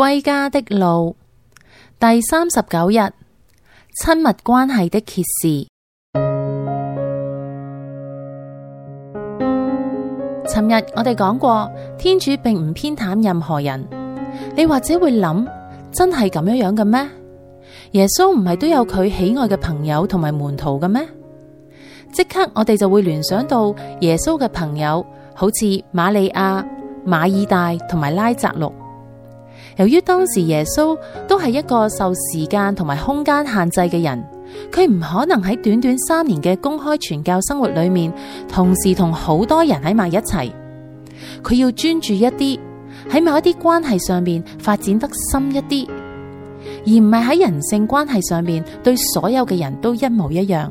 歸家的路第三十九日，親密關係的揭示。尋日我哋講過，天主並唔偏袒任何人。你或者會諗，真係咁樣樣嘅咩？耶穌唔係都有佢喜愛嘅朋友同埋門徒嘅咩？即刻我哋就會聯想到耶穌嘅朋友，好似瑪利亞、馬爾大同埋拉匝祿。由於當時耶穌都係一個受時間同埋空間限制嘅人，佢唔可能喺短短三年嘅公開傳教生活裏面，同時同好多人喺埋一齊。佢要專注一啲，喺某一啲關係上面發展得深一啲，而唔係喺人性關係上面對所有嘅人都一模一樣。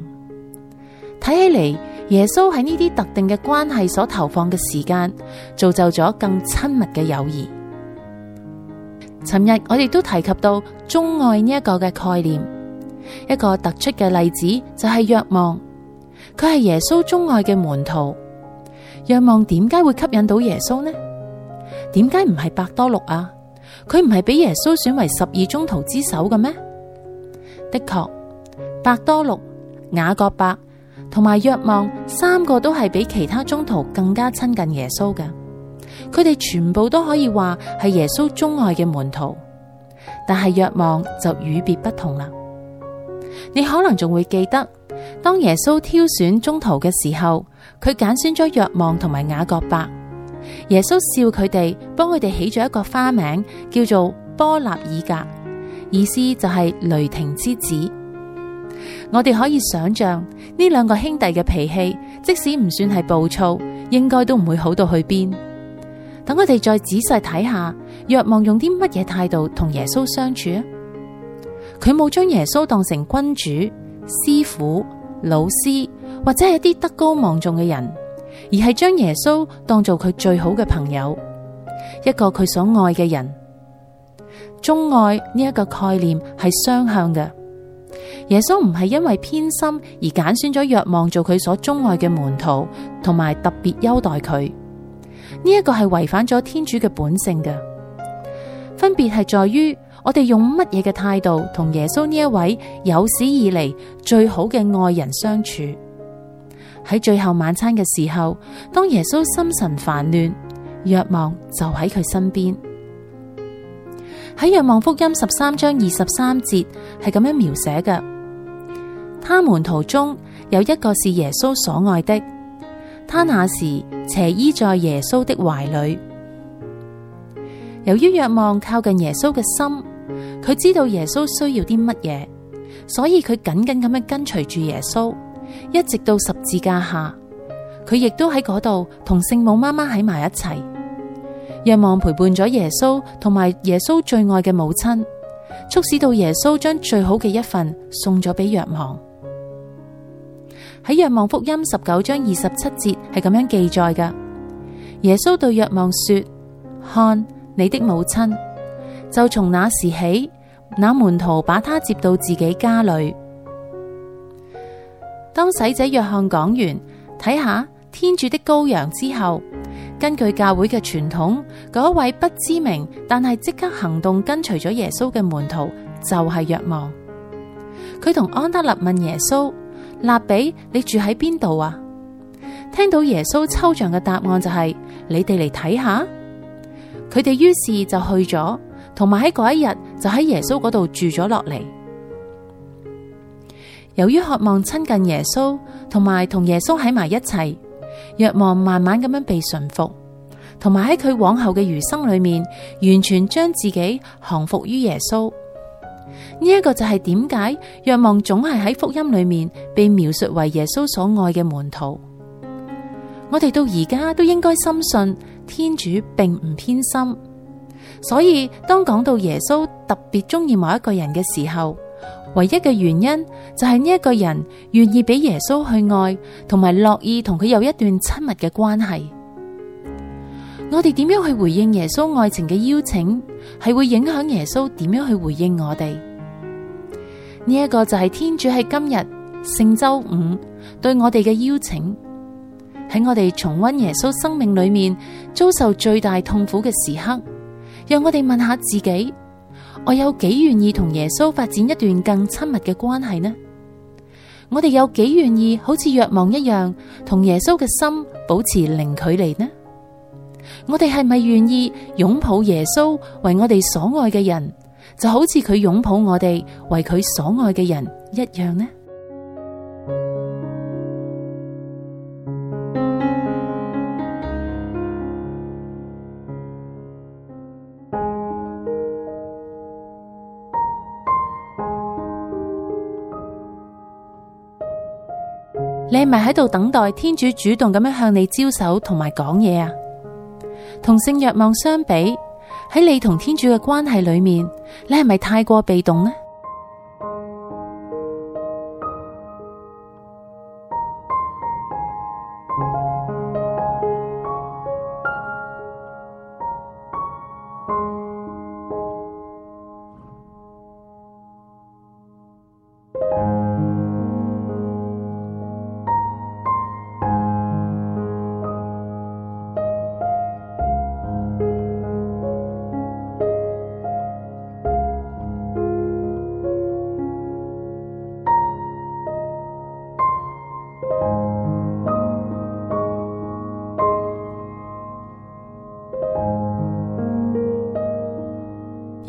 睇起嚟，耶穌喺呢啲特定嘅關係所投放嘅時間，造就咗更親密嘅友誼。尋日我哋都提及到鍾愛呢一個嘅概念，一個突出嘅例子就係若望，佢係耶穌鍾愛嘅門徒。若望點解會吸引到耶穌呢？點解唔係伯多祿啊？佢唔係俾耶穌選為十二宗徒之首嘅咩？的確，伯多祿、雅各伯同埋若望三個都係比其他宗徒更加親近耶穌嘅。佢哋全部都可以話係耶穌鍾愛嘅門徒，但係若望就與別不同啦。你可能仲會記得，當耶穌挑選宗徒嘅時候，佢揀選咗若望同埋雅各伯。耶穌笑佢哋，幫佢哋起咗一個花名，叫做波納爾革，意思就係雷霆之子。我哋可以想象呢兩個兄弟嘅脾氣，即使唔算係暴躁，應該都唔會好到去邊。等我哋再仔細睇下，若望用啲乜嘢態度同耶穌相處啊？佢冇將耶穌當成君主、師傅、老師或者係一啲德高望重嘅人，而係將耶穌當做佢最好嘅朋友，一個佢所愛嘅人。鐘愛呢一個概念係雙向嘅。耶穌唔係因為偏心而揀選咗若望做佢所鍾愛嘅門徒，同埋特別優待佢。呢一個係違反咗天主嘅本性嘅，分別係在於我哋用乜嘢嘅態度同耶穌呢一位有史以嚟最好嘅愛人相處。喺最後晚餐嘅時候，當耶穌心神煩亂，若望就喺佢身邊。喺若望福音十三章二十三節係咁樣描寫嘅：「他們徒中有一個是耶穌所愛的。他那時斜依在耶穌的懷裏，由於若望靠近耶穌嘅心，佢知道耶穌需要啲乜嘢，所以佢緊緊咁樣跟隨住耶穌，一直到十字架下。佢亦都喺嗰度同聖母媽媽喺埋一齊，若望陪伴咗耶穌同埋耶穌最愛嘅母親，促使到耶穌將最好嘅一份送咗俾若望。喺《若望福音》十九章二十七節係咁樣記載噶，耶穌對若望說：看你的母親，就從那時起，那門徒把她接到自己家裏。當洗者若翰講完，睇下天主的羔羊之後，根據教會嘅傳統，嗰位不知名但係即刻行動跟隨咗耶穌嘅門徒就係、是、若望。佢同安德肋問耶穌。辣彼，你住喺邊度啊？聽到耶穌抽象嘅答案就係、是，你哋嚟睇下。佢哋於是就去咗，同埋喺嗰一日就喺耶穌嗰度住咗落嚟。由於渴望親近耶穌，同埋同耶穌喺埋一齊，若望慢慢咁樣被馴服，同埋喺佢往後嘅餘生裏面，完全將自己降服於耶穌。呢一個就係點解，若望總係喺福音裏面被描述為耶穌所愛嘅門徒。我哋到而家都應該深信天主並唔偏心，所以當講到耶穌特別中意某一個人嘅時候，唯一嘅原因就係呢一個人願意俾耶穌去愛，同埋樂意同佢有一段親密嘅關係。我哋點樣去回應耶穌愛情嘅邀請，係會影響耶穌點樣去回應我哋。呢一個就係天主喺今日聖周五對我哋嘅邀請，喺我哋重溫耶穌生命裏面遭受最大痛苦嘅時刻，讓我哋問下自己：我有幾願意同耶穌發展一段更親密嘅關係呢？我哋有幾願意好似若望一樣，同耶穌嘅心保持零距離呢？我哋係咪願意擁抱耶穌為我哋所愛嘅人，就好似佢擁抱我哋為佢所愛嘅人一樣呢？ 你係咪喺度等待天主主動咁樣向你招手同埋講嘢啊？同聖若望相比，喺你同天主嘅關係裏面，你係咪太過被動呢？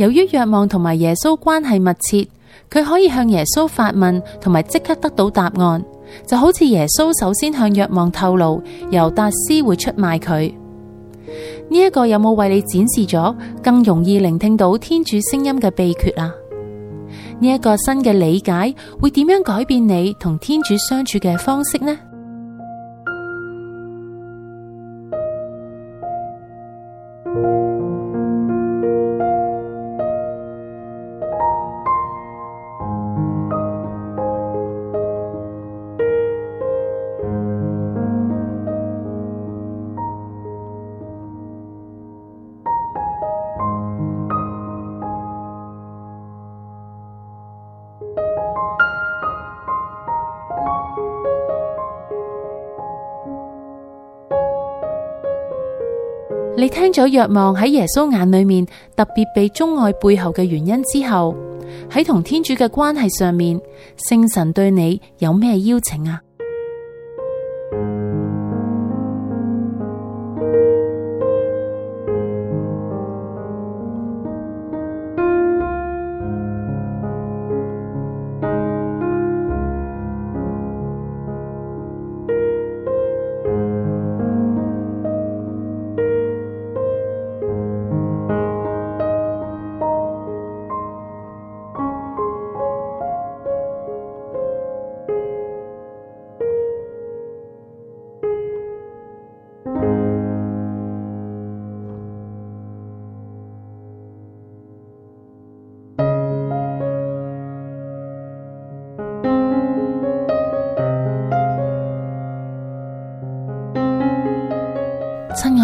由於若望同埋耶穌關係密切，佢可以向耶穌發問，同埋即刻得到答案，就好似耶穌首先向若望透露，猶達斯會出賣佢。呢一個有冇為你展示咗更容易聆聽到天主聲音嘅秘訣啊？呢一個新嘅理解會點樣改變你同天主相處嘅方式呢？你聽咗若望喺耶穌眼裏面特別被鍾愛背後嘅原因之後，喺同天主嘅關係上面，聖神對你有咩邀請啊？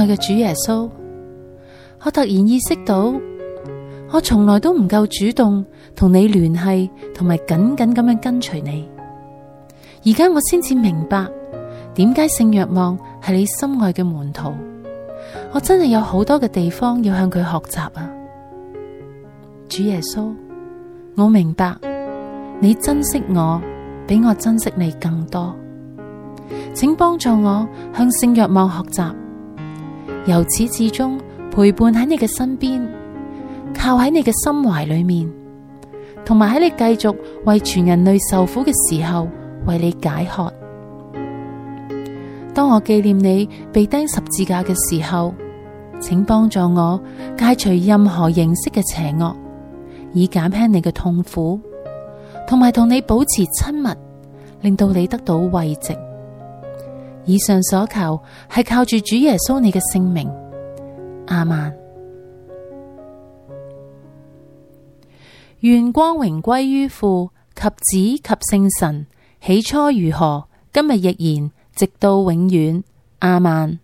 嘅主耶穌，我突然意識到，我從來都唔夠主動同你聯繫，同埋緊緊咁樣跟隨你。而家我先至明白點解聖若望係你心愛嘅門徒。我真係有好多嘅地方要向佢學習啊！主耶穌，我明白你珍惜我，比我珍惜你更多，請幫助我向聖若望學習。由始至終陪伴喺你嘅身邊，靠喺你嘅心懷裏面，同埋喺你繼續為全人類受苦嘅時候，為你解渴。當我紀念你被釘十字架嘅時候，請幫助我戒除任何形式嘅邪惡，以減輕你嘅痛苦，同埋同你保持親密，令到你得到慰藉。以上所求係靠住主耶穌你嘅聖名，亞孟。願光榮歸於父及子及聖神，起初如何，今日亦然，直到永遠，亞孟。